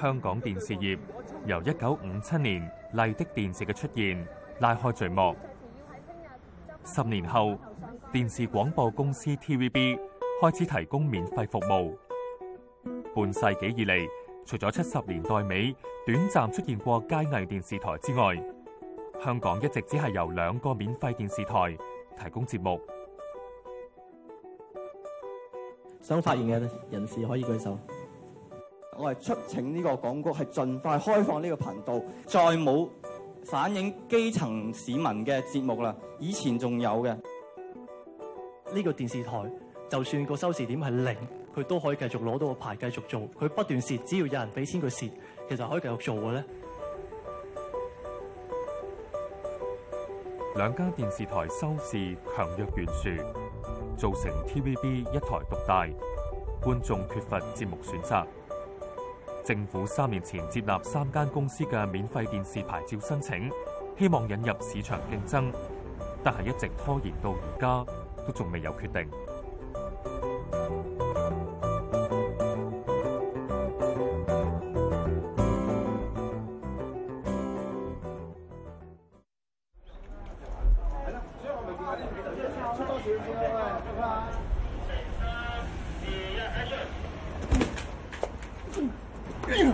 香港電視業由一九五七年麗的電視嘅出現拉開序幕。十年後，電視廣播公司 TVB 開始提供免費服務。半世紀以嚟，除咗七十年代尾短暫出現過佳藝電視台之外，香港一直只係由兩個免費電視台。提供節目，想發言嘅人士可以舉手。我係出請呢個廣告，係盡快開放呢個頻道，再冇反映基層市民嘅節目啦。以前仲有嘅，呢個電視台就算個收視點係零，佢都可以繼續攞到個牌，繼續做。佢不斷蝕，只要有人俾錢佢蝕，其實可以繼續做嘅咧。兩間電視台收視強弱懸殊，造成 TVB 一台獨大，觀眾缺乏節目選擇。政府三年前接納三間公司嘅免費電視牌照申請，希望引入市場競爭，但係一直拖延到而家，都仲未有決定。即係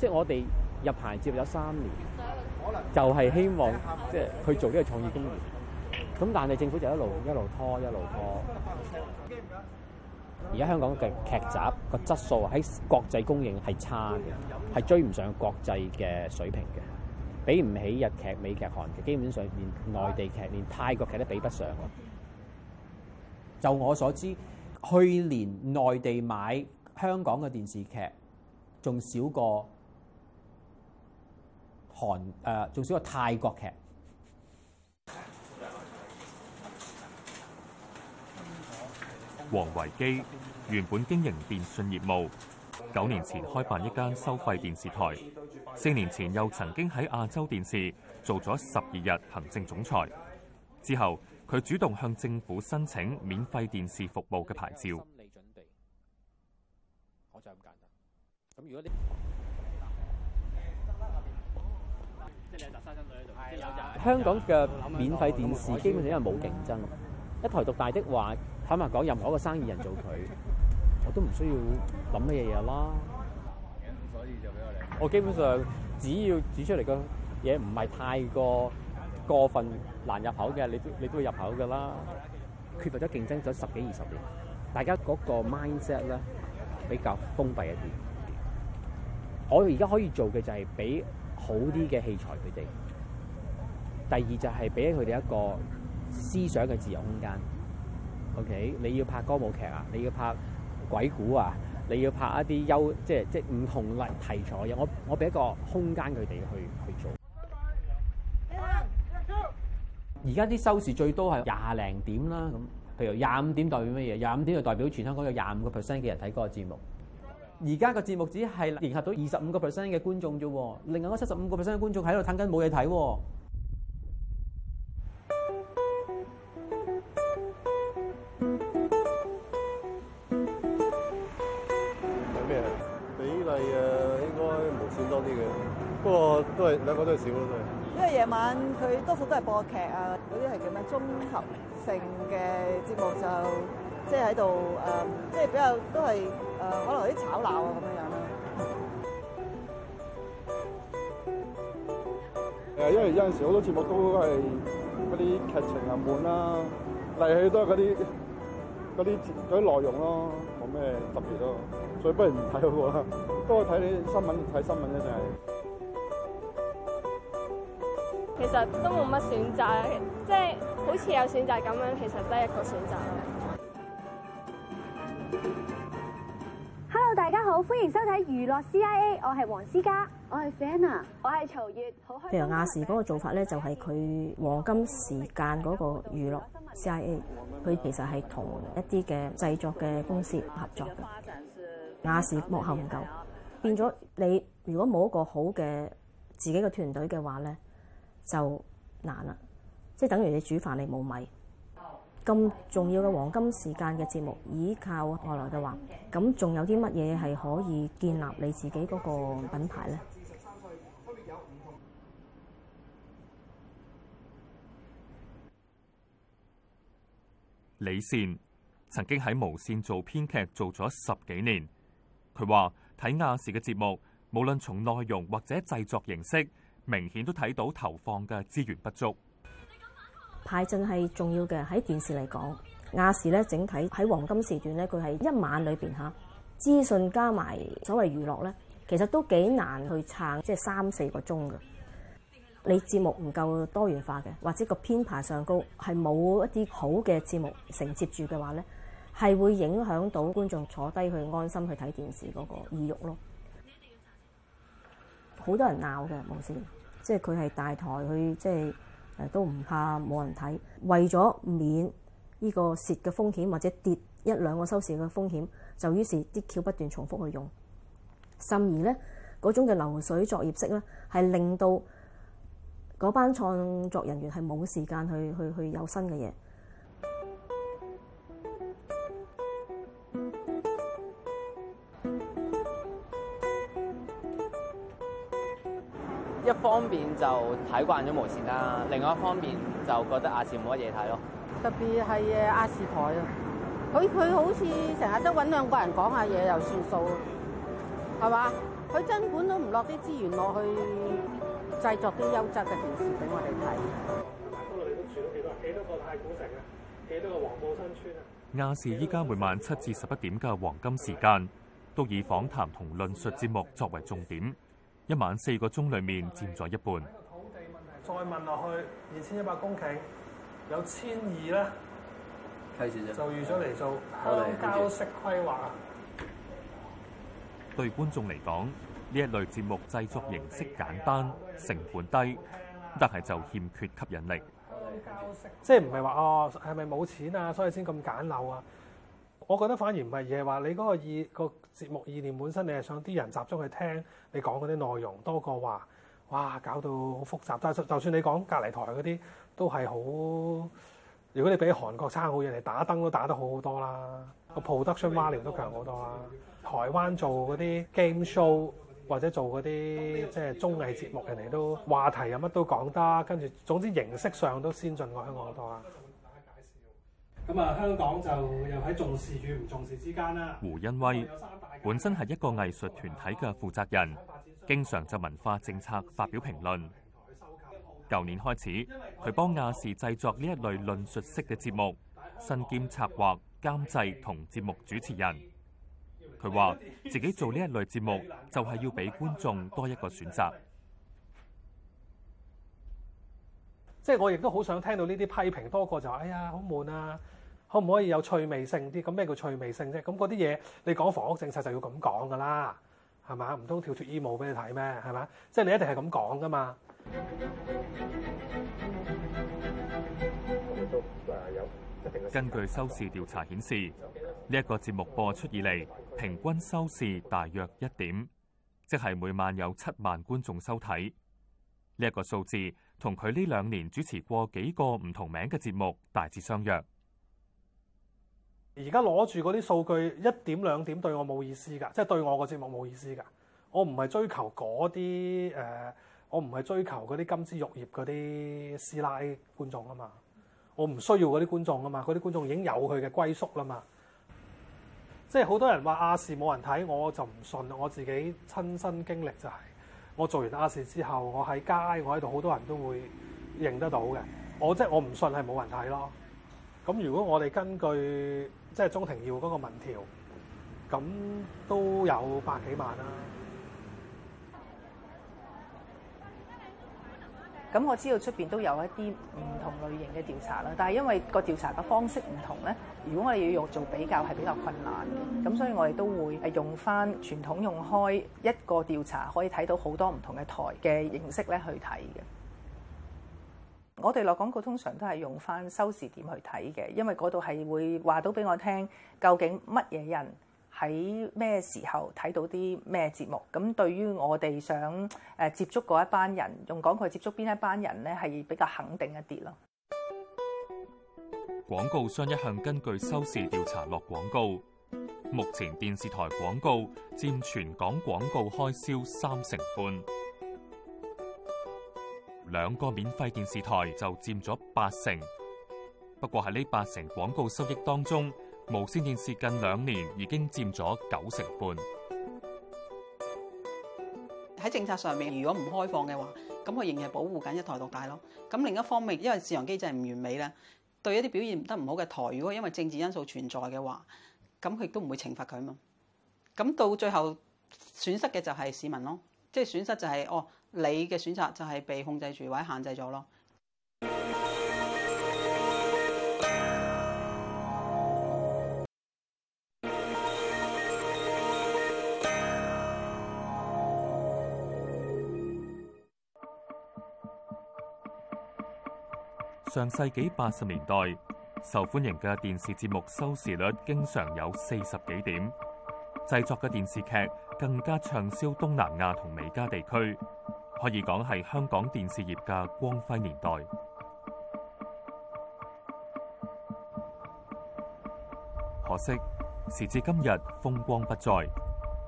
就是，我哋入行接咗三年，就係希望即係去做呢個創意工業。咁，但係政府就一路一路拖，一路拖。而家香港嘅劇集個質素喺國際公認係差嘅，係追唔上國際嘅水平嘅，比唔起日劇、美劇、韓劇，基本上連內地劇、連泰國劇都比不上。就我所知，去年內地買香港嘅電視劇，仲少過韓誒，仲、呃、少過泰國劇。王維基原本經營電訊業務，九年前開辦一間收費電視台，四年前又曾經喺亞洲電視做咗十二日行政總裁，之後。佢主動向政府申請免費電視服務嘅牌照。香港嘅免費電視基本上因為冇競爭，一台獨大的話，坦白講，任何一個生意人做佢，我都唔需要諗乜嘢嘢啦。我基本上只要煮出嚟嘅嘢唔係太過。過分難入口嘅，你都你都會入口㗎啦。缺乏咗競爭咗十幾二十年，大家嗰個 mindset 咧比較封閉一啲。我而家可以做嘅就係俾好啲嘅器材佢哋。第二就係俾佢哋一個思想嘅自由空間。OK，你要拍歌舞劇啊，你要拍鬼故啊，你要拍一啲優即係即係唔同題材嘅，我我俾一個空間佢哋去去做。而家啲收視最多係廿零點啦，咁譬如廿五點代表乜嘢？廿五點就代表全香港有廿五個 percent 嘅人睇嗰個節目。而家個節目只係迎合到二十五個 percent 嘅觀眾啫喎，另外嗰七十五個 percent 嘅觀眾喺度睇緊冇嘢睇。咩啊，比例應該無線多啲嘅，不、哦、過都係兩個都係少都係。因為夜晚佢多數都係播劇啊，嗰啲係叫咩綜合性嘅節目就即係喺度誒，即、就、係、是呃就是、比較都係誒、呃、可能啲吵鬧啊咁樣樣啦。誒，因為有陣時好多節目都係嗰啲劇情啊悶啦，嚟去都係嗰啲嗰啲嗰啲內容咯、啊，冇咩特別咯，所以不如唔睇好多睇新聞睇新聞啫、啊，就係。其實都冇乜選擇，即係好似有選擇咁樣，其實都係一個選擇。Hello，大家好，歡迎收睇《娛樂 C I A》，我係黃思嘉，我係 Fiona，我係曹月，好開的。譬如亞視嗰個做法咧，就係佢黃金時間嗰個娛樂 C I A，佢其實係同一啲嘅製作嘅公司合作嘅。亞視幕後唔夠，變咗你如果冇一個好嘅自己嘅團隊嘅話咧。就難啦，即係等於你煮飯你冇米，咁重要嘅黃金時間嘅節目依靠外來嘅話，咁仲有啲乜嘢係可以建立你自己嗰個品牌呢？李善曾經喺無線做編劇做咗十幾年，佢話睇亞視嘅節目，無論從內容或者製作形式，明顯都睇到投放嘅資源不足，排陣係重要嘅喺電視嚟講。亞視咧整體喺黃金時段咧，佢係一晚裏邊下資訊加埋所謂娛樂咧，其實都幾難去撐，即係三四個鐘㗎。你節目唔夠多元化嘅，或者個編排上高係冇一啲好嘅節目承接住嘅話咧，係會影響到觀眾坐低去安心去睇電視嗰個意欲咯。好多人鬧㗎，無線。即係佢係大台去，即係誒都唔怕冇人睇。為咗免呢個蝕嘅風險或者跌一兩個收視嘅風險，就於是啲橋不斷重複去用，甚而咧嗰種嘅流水作業式咧，係令到嗰班創作人員係冇時間去去去有新嘅嘢。一方面就睇慣咗無線啦，另外一方面就覺得亞視冇乜嘢睇咯。特別係誒亞視台啊，佢佢好似成日都揾兩個人講下嘢又算數，係嘛？佢真管都唔落啲資源落去製作啲優質嘅電視俾我哋睇。嗰度你都住咗幾多？幾多個太古城啊？幾多個黃埔新村啊？亞視依家每晚七至十一點嘅黃金時間，都以訪談同論述節目作為重點。一晚四個鐘裏面佔咗一半。再問落去，二千一百公頃，有千二啦，就預咗嚟做交式規劃。對觀眾嚟講，呢一類節目製作形式簡單，成本低，但係就欠缺吸引力。交式，即係唔係話哦，係咪冇錢啊？所以先咁簡陋啊？我覺得反而唔係，嘢係話你嗰個意節目意念本身，你係想啲人集中去聽你講嗰啲內容多過話，哇搞到好複雜。但係就算你講隔離台嗰啲，都係好。如果你比韓國差好遠，人哋打燈都打得好好多啦，個 production value 都強好多啦。台灣做嗰啲 game show 或者做嗰啲即係綜藝節目，人哋都話題有乜都講得，跟住總之形式上都先進過香港好多啦。咁啊，香港就又喺重視與唔重視之間啦。胡恩威本身係一個藝術團體嘅負責人，經常就文化政策發表評論。舊年開始，佢幫亞視製作呢一類論述式嘅節目，身兼策劃、監製同節目主持人。佢話自己做呢一類節目，就係要俾觀眾多一個選擇。即係我亦都好想聽到呢啲批評多過就話，哎呀，好悶啊！可唔可以有趣味性啲？咁咩叫趣味性啫？咁嗰啲嘢，你講房屋政策就要咁講噶啦，係嘛？唔通跳脫衣舞俾你睇咩？係嘛？即係你一定係咁講噶嘛？根據收視調查顯示，呢一個節目播出以嚟平均收視大約一點，即係每晚有七萬觀眾收睇。呢一個數字同佢呢兩年主持過幾個唔同名嘅節目大致相若。而家攞住嗰啲數據一點兩點對我冇意思噶，即係對我個節目冇意思噶。我唔係追求嗰啲誒，我唔係追求嗰啲金枝玉葉嗰啲師奶觀眾啊嘛。我唔需要嗰啲觀眾啊嘛。嗰啲觀眾已經有佢嘅歸宿啦嘛。即係好多人話亞視冇人睇，我就唔信。我自己親身經歷就係，我做完亞視之後，我喺街我喺度，好多人都會認得到嘅。我即係我唔信係冇人睇咯。咁如果我哋根據。即係鍾庭耀嗰個民調，咁都有百幾萬啦，啊。咁我知道出邊都有一啲唔同類型嘅調查啦，但係因為個調查嘅方式唔同咧，如果我哋要用做比較係比較困難嘅，咁所以我哋都會係用翻傳統用開一個調查，可以睇到好多唔同嘅台嘅形式咧去睇嘅。我哋落廣告通常都係用返收視點去睇嘅，因為嗰度係會話到俾我聽，究竟乜嘢人喺咩時候睇到啲咩節目。咁對於我哋想誒接觸嗰一班人，用廣告接觸邊一班人呢，係比較肯定一啲咯。廣告商一向根據收視調查落廣告，目前電視台廣告佔全港廣告開銷三成半。兩個免費電視台就佔咗八成，不過喺呢八成廣告收益當中，無線電視近兩年已經佔咗九成半。喺政策上面，如果唔開放嘅話，咁佢仍然係保護緊一台獨大咯。咁另一方面，因為市場機制唔完美咧，對一啲表現得唔好嘅台，如果因為政治因素存在嘅話，咁佢都唔會懲罰佢嘛。咁到最後損失嘅就係市民咯，即係損失就係、是、哦。你嘅選擇就係被控制住或者限制咗咯。上世紀八十年代，受歡迎嘅電視節目收視率經常有四十幾點，製作嘅電視劇更加暢銷東南亞同美加地區。可以講係香港電視業嘅光輝年代，可惜時至今日風光不再，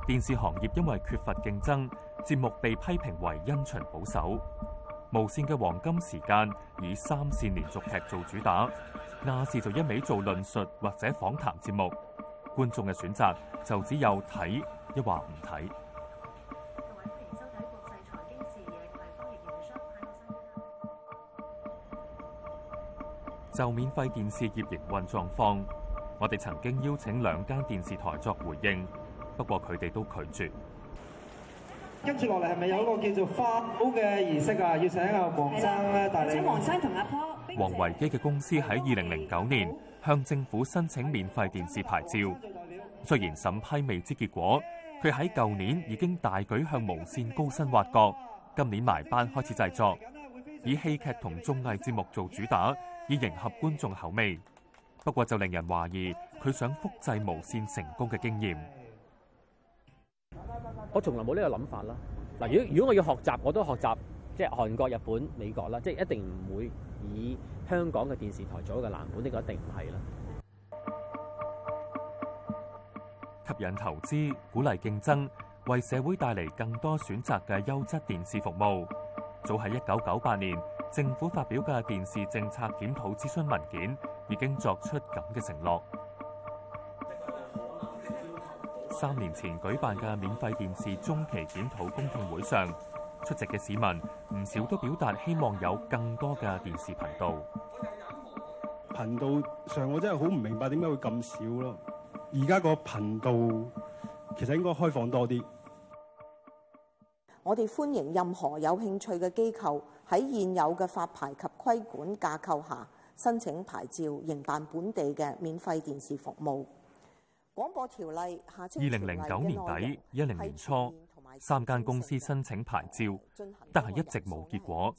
電視行業因為缺乏競爭，節目被批評為因循保守。無綫嘅黃金時間以三線連續劇做主打，亞視就一味做論述或者訪談節目。觀眾嘅選擇就只有睇抑或唔睇。就免費電視業營運狀況，我哋曾經邀請兩間電視台作回應，不過佢哋都拒絕。跟住落嚟係咪有個叫做花屋嘅儀式啊？要請阿王生咧，但王生同阿坡王維基嘅公司喺二零零九年向政府申請免費電視牌照，雖然審批未知結果，佢喺舊年已經大舉向無線高薪挖角，今年埋班開始製作，以戲劇同綜藝節目做主打。以迎合觀眾口味，不過就令人懷疑佢想複製無綫成功嘅經驗。我從來冇呢個諗法啦。嗱，如果如果我要學習，我都學習即係韓國、日本、美國啦，即係一定唔會以香港嘅電視台做一個藍本，呢個一定唔係啦。吸引投資，鼓勵競爭，為社會帶嚟更多選擇嘅優質電視服務，早喺一九九八年。政府發表嘅電視政策檢討諮詢文件已經作出咁嘅承諾。三年前舉辦嘅免費電視中期檢討公眾會上，出席嘅市民唔少都表達希望有更多嘅電視頻道。頻道上我真係好唔明白點解會咁少咯？而家個頻道其實應該開放多啲。我哋歡迎任何有興趣嘅機構喺現有嘅發牌及規管架構下申請牌照，營辦本地嘅免費電視服務。廣播條例下，二零零九年底、一零清是年初，和三間公司申請牌照，行但係一直冇結果。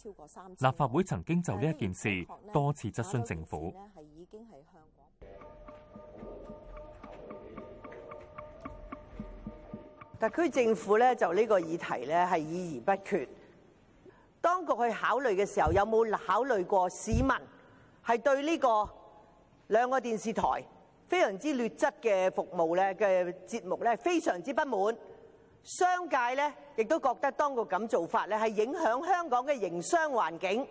立法會曾經就呢一件事是多次質詢政府。特區政府咧就呢個議題咧係議而不決。當局去考慮嘅時候有冇考慮過市民係對呢個兩個電視台非常之劣質嘅服務咧嘅節目咧非常之不滿？商界咧亦都覺得當局咁做法咧係影響香港嘅營商環境。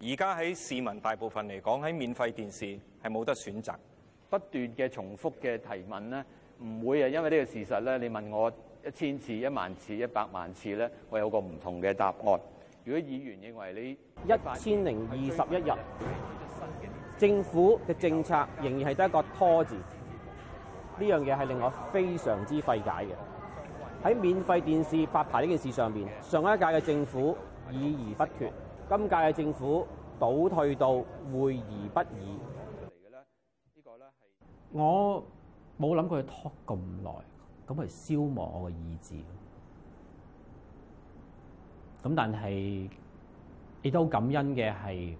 而家喺市民大部分嚟講，喺免費電視係冇得選擇，不斷嘅重複嘅提問咧。唔會啊！因為呢個事實咧，你問我一千次、一萬次、一百萬次咧，我有個唔同嘅答案。如果議員認為你一千零二十一日，政府嘅政策仍然係得一個拖字，呢樣嘢係令我非常之費解嘅。喺免費電視發牌呢件事上面，上一屆嘅政府議而不決，今屆嘅政府倒退到會而不議。嚟嘅咧，呢個咧係我。冇諗過要拖咁耐，咁係消磨我嘅意志。咁但係亦都感恩嘅係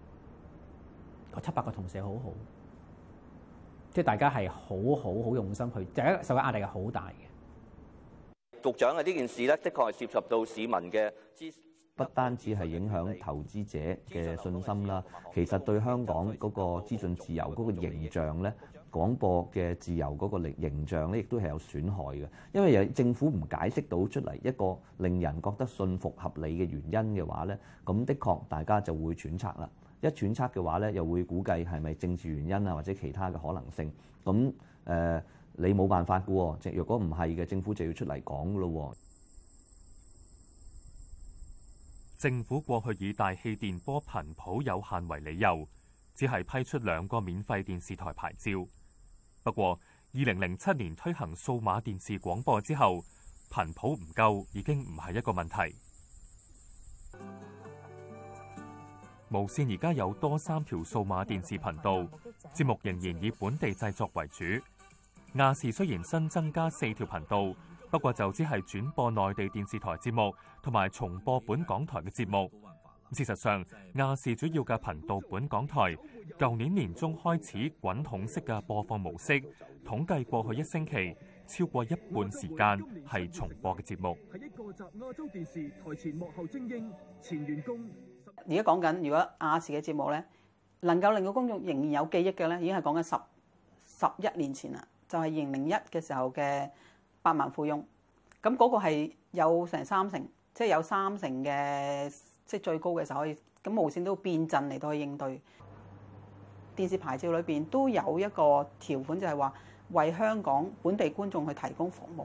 七百個同事好好，即係大家係好好好用心去。第一受嘅壓力係好大嘅。局長嘅呢件事咧，的確係涉及到市民嘅資，不單止係影響投資者嘅信心啦，其實對香港嗰個資訊自由嗰個形象咧。廣播嘅自由嗰個力形象咧，亦都係有損害嘅，因為由政府唔解釋到出嚟一個令人覺得信服合理嘅原因嘅話咧，咁的確大家就會揣測啦。一揣測嘅話咧，又會估計係咪政治原因啊，或者其他嘅可能性。咁誒，你冇辦法嘅喎，即若果唔係嘅，政府就要出嚟講嘅咯。政府過去以大氣電波頻譜有限為理由，只係批出兩個免費電視台牌照。不過，二零零七年推行數碼電視廣播之後，頻譜唔夠已經唔係一個問題。無線而家有多三條數碼電視頻道，節目仍然以本地製作為主。亞視雖然新增加四條頻道，不過就只係轉播內地電視台節目，同埋重播本港台嘅節目。事實上，亞視主要嘅頻道本港台，舊年年中開始滾筒式嘅播放模式。統計過去一星期，超過一半時間係重播嘅節目。係一個集亞洲電視台前幕後精英前員工。而家講緊如果亞視嘅節目咧，能夠令到公眾仍然有記憶嘅咧，已經係講緊十十一年前啦，就係二零零一嘅時候嘅《百萬富翁》。咁嗰個係有成三成，即係有三成嘅。即最高嘅時候可以，咁無綫都變陣嚟到去應對。電視牌照裏邊都有一個條款就係，就係話為香港本地觀眾去提供服務，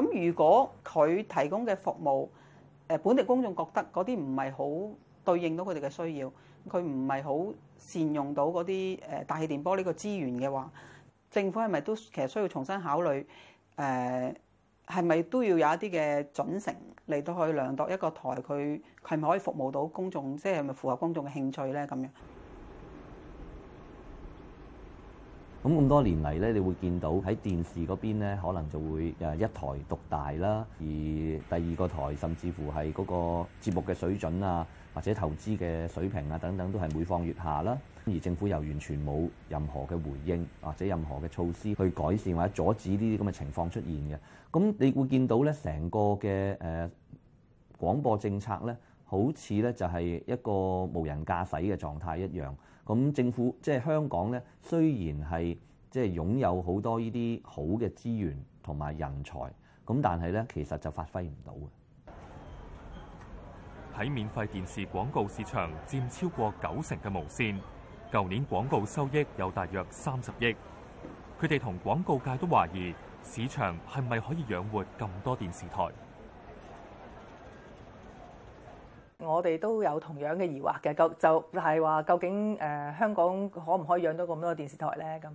咁如果佢提供嘅服務誒本地公眾覺得嗰啲唔係好對應到佢哋嘅需要，佢唔係好善用到嗰啲誒大氣電波呢個資源嘅話，政府係咪都其實需要重新考慮誒。呃係咪都要有一啲嘅準繩嚟到去量度一個台佢係咪可以服務到公眾，即係咪符合公眾嘅興趣咧？咁樣咁咁多年嚟咧，你會見到喺電視嗰邊咧，可能就會誒一台獨大啦，而第二個台甚至乎係嗰個節目嘅水準啊，或者投資嘅水平啊等等，都係每況愈下啦。而政府又完全冇任何嘅回應或者任何嘅措施去改善或者阻止呢啲咁嘅情況出現嘅。咁你會見到咧，成個嘅誒廣播政策咧，好似咧就係一個無人駕駛嘅狀態一樣，咁政府即係、就是、香港咧，雖然係即係擁有好多呢啲好嘅資源同埋人才，咁但係咧其實就發揮唔到嘅。喺免費電視廣告市場佔超過九成嘅無線。舊年廣告收益有大約三十億，佢哋同廣告界都懷疑市場係咪可以養活咁多電視台。我哋都有同樣嘅疑惑嘅，就就係話究竟誒、呃、香港可唔可以養到咁多電視台咧？咁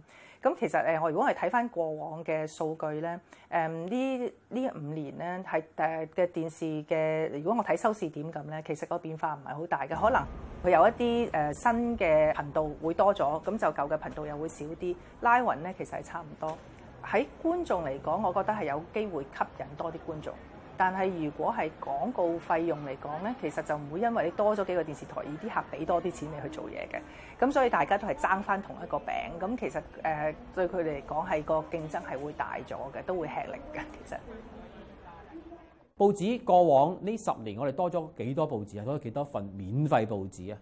咁其實我、呃、如果係睇翻過往嘅數據咧，誒呢呢五年咧係誒嘅電視嘅，如果我睇收視點咁咧，其實個變化唔係好大嘅，可能佢有一啲誒、呃、新嘅頻道會多咗，咁就舊嘅頻道又會少啲，拉勻咧其實係差唔多。喺觀眾嚟講，我覺得係有機會吸引多啲觀眾。但係，如果係廣告費用嚟講呢，其實就唔會因為你多咗幾個電視台而，而啲客俾多啲錢你去做嘢嘅。咁所以大家都係爭翻同一個餅。咁其實誒、呃、對佢嚟講係個競爭係會大咗嘅，都會吃力嘅。其實報紙過往呢十年，我哋多咗幾多報紙啊？多咗幾多份免費報紙啊？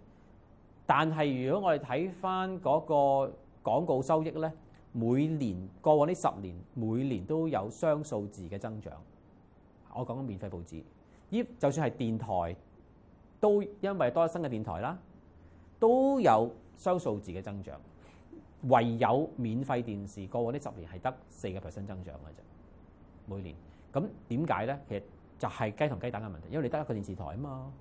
但係如果我哋睇翻嗰個廣告收益呢，每年過往呢十年，每年都有雙數字嘅增長。我講緊免費報紙，依就算係電台都因為多咗新嘅電台啦，都有雙數字嘅增長。唯有免費電視過往呢十年係得四個 percent 增長嘅啫，每年，咁點解咧？其實就係雞同雞蛋嘅問題，因為你得一個電視台啊嘛，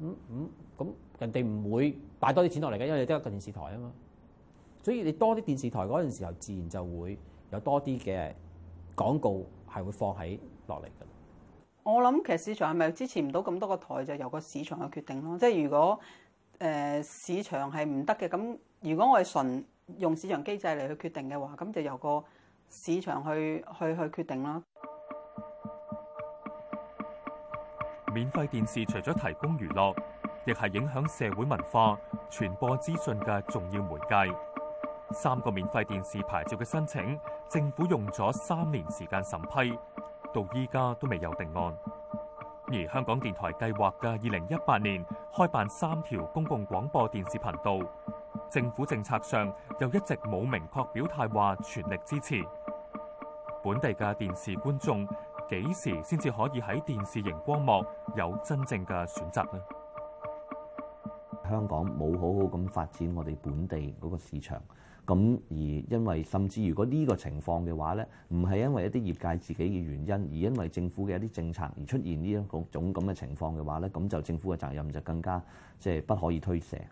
嗯嗯，咁人哋唔會擺多啲錢落嚟嘅，因為你得一個電視台啊嘛，所以你多啲電視台嗰陣時候，自然就會有多啲嘅廣告係會放喺落嚟嘅。我諗其實市場係咪支持唔到咁多個台，就由個市場去決定咯。即係如果誒、呃、市場係唔得嘅，咁如果我係純用市場機制嚟去決定嘅話，咁就由個市場去去去決定咯。免費電視除咗提供娛樂，亦係影響社會文化、傳播資訊嘅重要媒介。三個免費電視牌照嘅申請，政府用咗三年時間審批。到依家都未有定案，而香港電台計劃嘅二零一八年開辦三條公共廣播電視頻道，政府政策上又一直冇明確表態話全力支持。本地嘅電視觀眾幾時先至可以喺電視熒光幕有真正嘅選擇呢？香港冇好好咁發展我哋本地嗰個市場。咁而因為甚至如果呢個情況嘅話咧，唔係因為一啲業界自己嘅原因，而因為政府嘅一啲政策而出現呢一種咁嘅情況嘅話咧，咁就政府嘅責任就更加即係不可以推卸。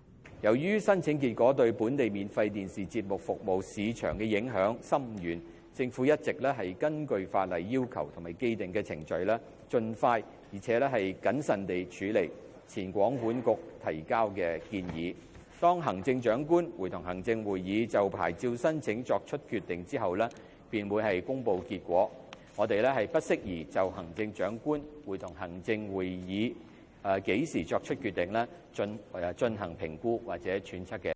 由於申請結果對本地免費電視節目服務市場嘅影響深遠，政府一直咧係根據法例要求同埋既定嘅程序咧，盡快而且咧係謹慎地處理前廣管局提交嘅建議。當行政長官會同行政會議就牌照申請作出決定之後咧，便會係公布結果。我哋咧係不適宜就行政長官會同行政會議誒幾時作出決定咧進誒進行評估或者揣測嘅。